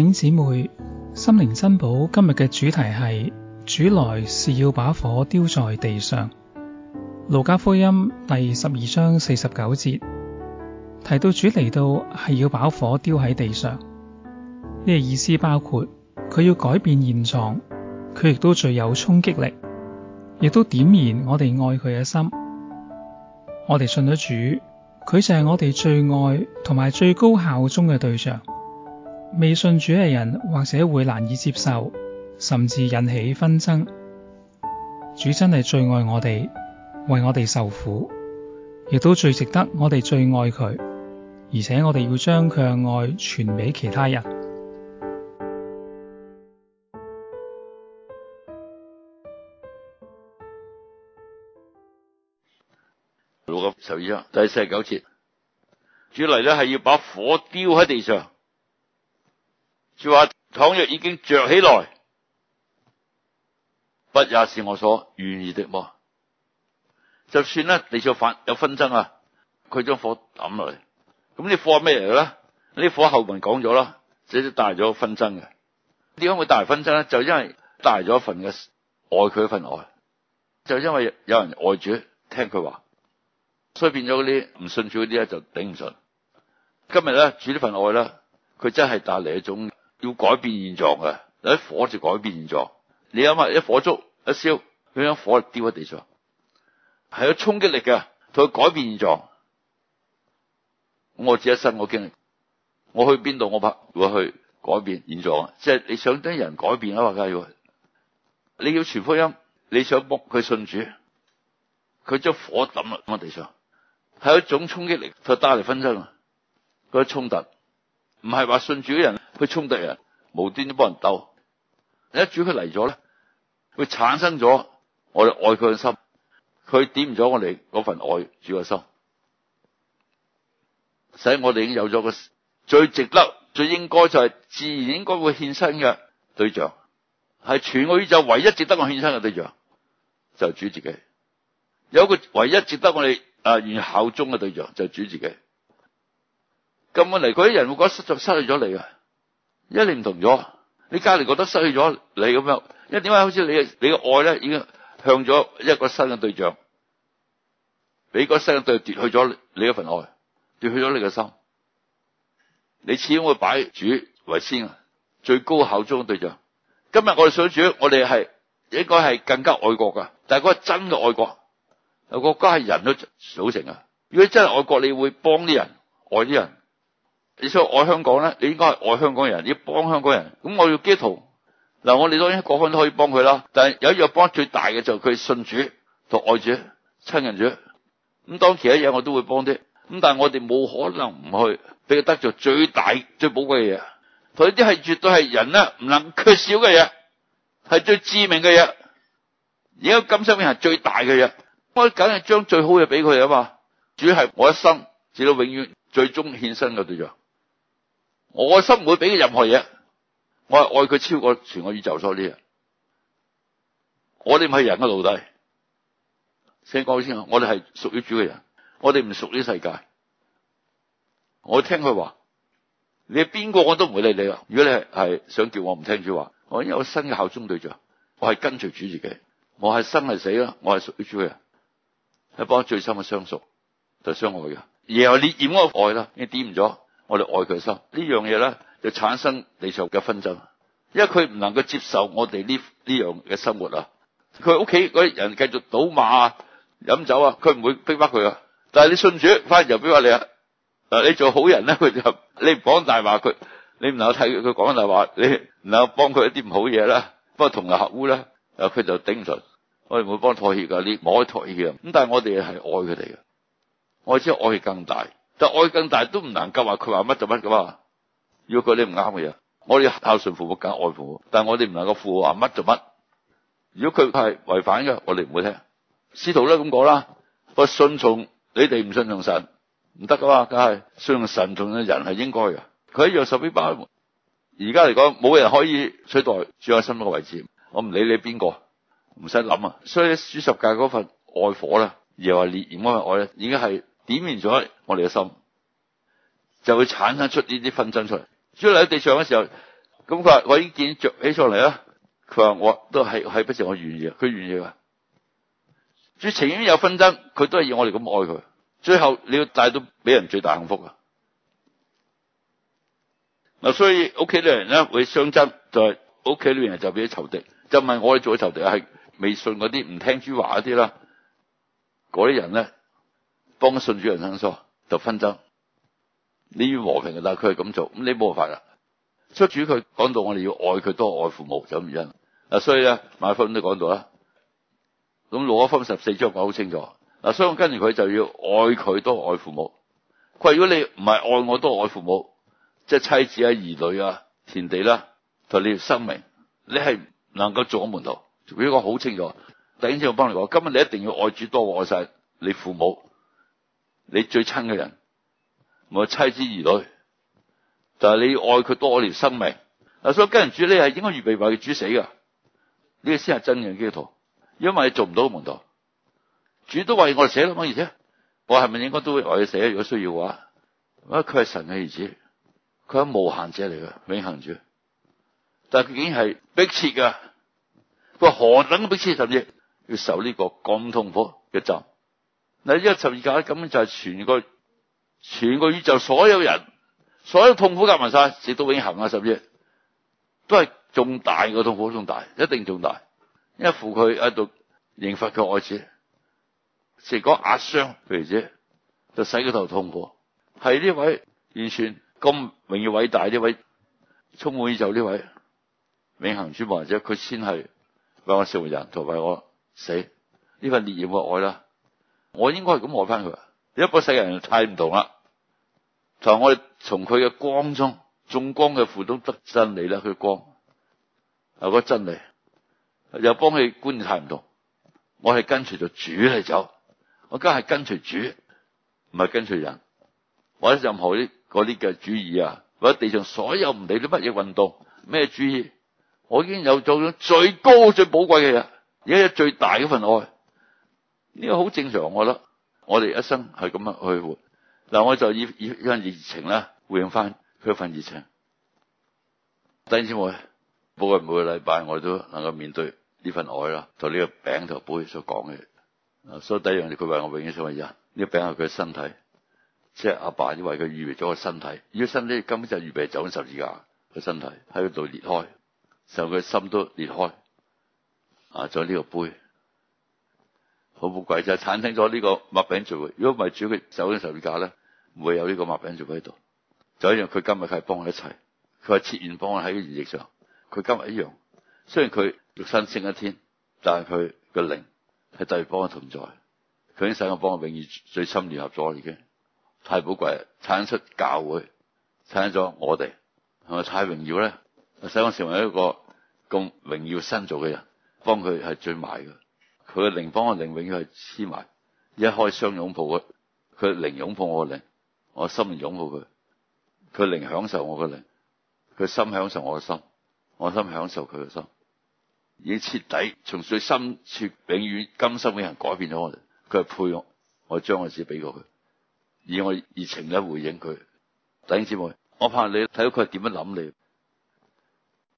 兄姊妹心靈珍寶今日嘅主題係主來是要把火丟在地上。路加福音第十二章四十九節提到主嚟到係要把火丟喺地上，呢、這個意思包括佢要改變現狀，佢亦都最有衝擊力，亦都點燃我哋愛佢嘅心。我哋信咗主，佢就係我哋最愛同埋最高效忠嘅對象。未信主嘅人或者會難以接受，甚至引起紛爭。主真係最愛我哋，為我哋受苦，亦都最值得我哋最愛佢。而且我哋要將佢嘅愛傳俾其他人。路加十二章第四十九節，主嚟咧係要把火丟喺地上。就話倘若已經着起來，不也是我所願意的麼？就算咧，你做發有紛爭啊，佢將火抌落嚟，咁啲火係咩嚟咧？呢啲火後文講咗啦，即係帶咗紛爭嘅。點解會帶嚟紛爭咧？就因為帶咗一份嘅愛，佢份愛，就因為有人愛主聽佢話，所以變咗嗰啲唔信主嗰啲咧就頂唔順。今日咧，主呢份愛咧，佢真係帶嚟一種。要改變現狀嘅，你啲火就改變現狀。你諗下，一火燭一燒，佢將火掉喺地上，係有衝擊力嘅，佢改變現狀。我自一生我經歷，我去邊度我拍，我去改變現狀啊！即係你想等人改變啊嘛？假如你要傳福音，你想幫佢信主，佢將火抌落喺地上，係一種衝擊力，佢帶嚟紛爭啊，嗰衝衝突，唔係話信主嘅人。佢衝突人無端端幫人鬥，一主佢嚟咗咧，佢產生咗我哋愛佢嘅心，佢點咗我哋嗰份愛主嘅心，使我哋已經有咗個最值得、最應該就係自然應該會獻身嘅對象，係全個宇宙唯一值得我獻身嘅對象就是主自己，有一個唯一值得我哋啊願效忠嘅對象就是主自己，根本嚟嗰啲人會覺得失咗、失去咗你啊！因為你唔同咗，你家人覺得失去咗你咁樣，因為點解？好似你嘅你嘅愛咧，已經向咗一個新嘅對象，俾個新嘅對象奪去咗你一份愛，奪去咗你嘅心。你始終會擺主為先啊，最高效忠嘅對象。今日我哋想主，我哋係應該係更加愛國噶，但係個真嘅愛國，那個國家係人都組成啊，如果真係愛國，你會幫啲人，愛啲人。你所以愛香港咧，你應該係愛香港人，你要幫香港人。咁我要基督徒嗱，我哋當然各方都可以幫佢啦。但係有一樣幫得最大嘅就佢信主、同愛主、親人主。咁、嗯、當其他嘢我都會幫啲，咁但係我哋冇可能唔去俾佢得著最大最寶貴嘅嘢。佢啲係絕對係人咧唔能缺少嘅嘢，係最致命嘅嘢。而家今生命係最大嘅嘢，我梗係將最好嘢俾佢啊嘛。主要係我一生至到永遠最終獻身嘅對象。我心唔會俾佢任何嘢，我係愛佢超過全個宇宙所有人。我哋唔係人嘅奴隸，先講先啊！我哋係屬於主嘅人，我哋唔屬於世界。我聽佢話，你係邊個我都唔會理你啊！如果你係係想叫我唔聽主話，我因為我新嘅效忠對象，我係跟隨主自己，我係生係死啦，我係屬於主嘅人。喺幫最深嘅相屬就是、相愛嘅，然後你染個愛啦，你玷污咗。我哋愛佢嘅心呢樣嘢咧，就產生地上嘅紛爭，因為佢唔能夠接受我哋呢呢樣嘅生活啊！佢屋企嗰啲人繼續賭馬、飲酒啊，佢唔會逼屈佢啊。但係你信主，反而就逼屈你啊！嗱，你做好人咧，佢就你唔講大話，佢你唔能夠睇佢講大話，你唔能夠幫佢一啲唔好嘢啦，不過同流合污呢，啊，佢就頂唔順，我哋唔會幫佢妥協噶，你唔可以妥協啊！咁但係我哋係愛佢哋嘅，我之後愛更大。但愛更大都唔能夠話佢話乜就乜噶嘛，如果佢你唔啱嘅嘢，我哋孝順父母梗愛愛父母，但係我哋唔能夠父母話乜就乜。如果佢係違反嘅，我哋唔會聽。使徒都咁講啦，我信從你哋唔信從神唔得噶嘛，梗係信從神仲嘅人係應該嘅。佢一約受比巴而家嚟講冇人可以取代主核心嘅位置，我唔理你邊個，唔使諗啊。所以主十誡嗰份愛火呢，而話烈焰嗰份愛咧，已經係點燃咗我哋嘅心，就會產生出呢啲紛爭出嚟。你喺地上嘅時候，咁佢話：我已經見着起上嚟啦。佢話：我都係係不是我願意嘅。佢願意啊。最情願有紛爭，佢都係要我哋咁愛佢。最後你要帶到俾人最大幸福啊！嗱，所以屋企啲人咧會相爭，就係屋企啲人就俾咗仇敵，就唔係我哋做咗仇敵，係未信嗰啲唔聽主話嗰啲啦，嗰啲人咧。幫信主人生疏就紛爭，你要和平嘅，但係佢係咁做，咁你冇辦法啦。主佢講到我哋要愛佢多愛父母，就咁唔樣嗱，所以咧馬芬都講到啦。咁路福音十四章我好清楚嗱，所以我跟住佢就要愛佢多愛父母。佢話如果你唔係愛我多愛父母，即係妻子啊、兒女啊、田地啦、啊、同你的生命，你係唔能夠做我門徒？佢佢講好清楚，突然我幫你講，今日你一定要愛主多過愛晒你父母。你最親嘅人，我妻子兒女，但係你要愛佢多我條生命。啊，所以跟住主你係應該預備為佢主死嘅，呢個先係真嘅基督徒。因為你做唔到門徒，主都為我哋死咯，咩意思？而且我係咪應該都會為佢死？如果需要嘅話，啊，佢係神嘅兒子，佢係無限者嚟嘅，永恆主。但係佢竟然係逼切噶，佢何等逼切，甚至要受呢個咁痛苦嘅咒。嗱，呢個十字架根本就係全個全個宇宙所有人，所有痛苦夾埋晒，直到永恆啊！十二都係重大個痛苦，重大一定重大，一扶佢喺度刑罰佢愛子，食個壓傷，譬如啫，就使佢頭痛過。係呢位完全咁永遠偉大，呢位充滿宇宙，呢位永恆主，或者，佢先係為我成人，同埋我死呢份烈焰個愛啦。我應該係咁愛翻佢，一個世人太唔同啦。就我哋從佢嘅光中，眾光嘅苦中得真理啦。佢光係、那個真理，又幫佢觀察唔同。我係跟隨咗主嚟走，我家係跟隨主，唔係跟隨人或者任何啲嗰啲嘅主義啊，或者地上所有唔理啲乜嘢運動咩主義，我已經有做咗最高最寶貴嘅嘢，而家有最大嗰份愛。呢個好正常，我覺得，我哋一生係咁樣去活。嗱，我就以以一份熱情啦，回應翻佢一份熱情。弟兄姊妹，不過每個禮拜我都能夠面對呢份愛啦，就呢個餅同杯所講嘅。所以第一樣嘢，佢為我永遠已經成為人。呢、這個餅係佢嘅身體，即係阿爸已為佢預備咗個身體。如果身體根本就係預備走十字架，個身體喺度裂開，就佢心都裂開。啊，就呢個杯。好寶貴就係、是、產生咗呢個麥餅聚會，如果唔係主嘅手喺上面架咧，唔會有呢個麥餅聚會喺度。就一樣，佢今日係幫我一齊，佢係自然幫我喺餘業上。佢今日一樣，雖然佢肉身升一天，但係佢個靈係第二幫嘅同在。佢已經使我幫我永遠最深，聯合咗已經太寶貴啦！產生出教會，產生咗我哋，係咪太榮耀咧？使我成為一個咁榮耀新造嘅人，幫佢係最埋嘅。佢嘅靈幫我靈，永遠係黐埋。一開雙擁抱佢。佢靈擁抱我嘅靈，我心擁抱佢。佢靈享受我嘅靈，佢心享受我嘅心，我心享受佢嘅心。已經徹底從最深切、永遠甘心嘅人改變咗我。佢係配我，我將自己俾過佢，以我熱情嚟回應佢。弟兄姊妹，我怕你睇到佢係點樣諗你。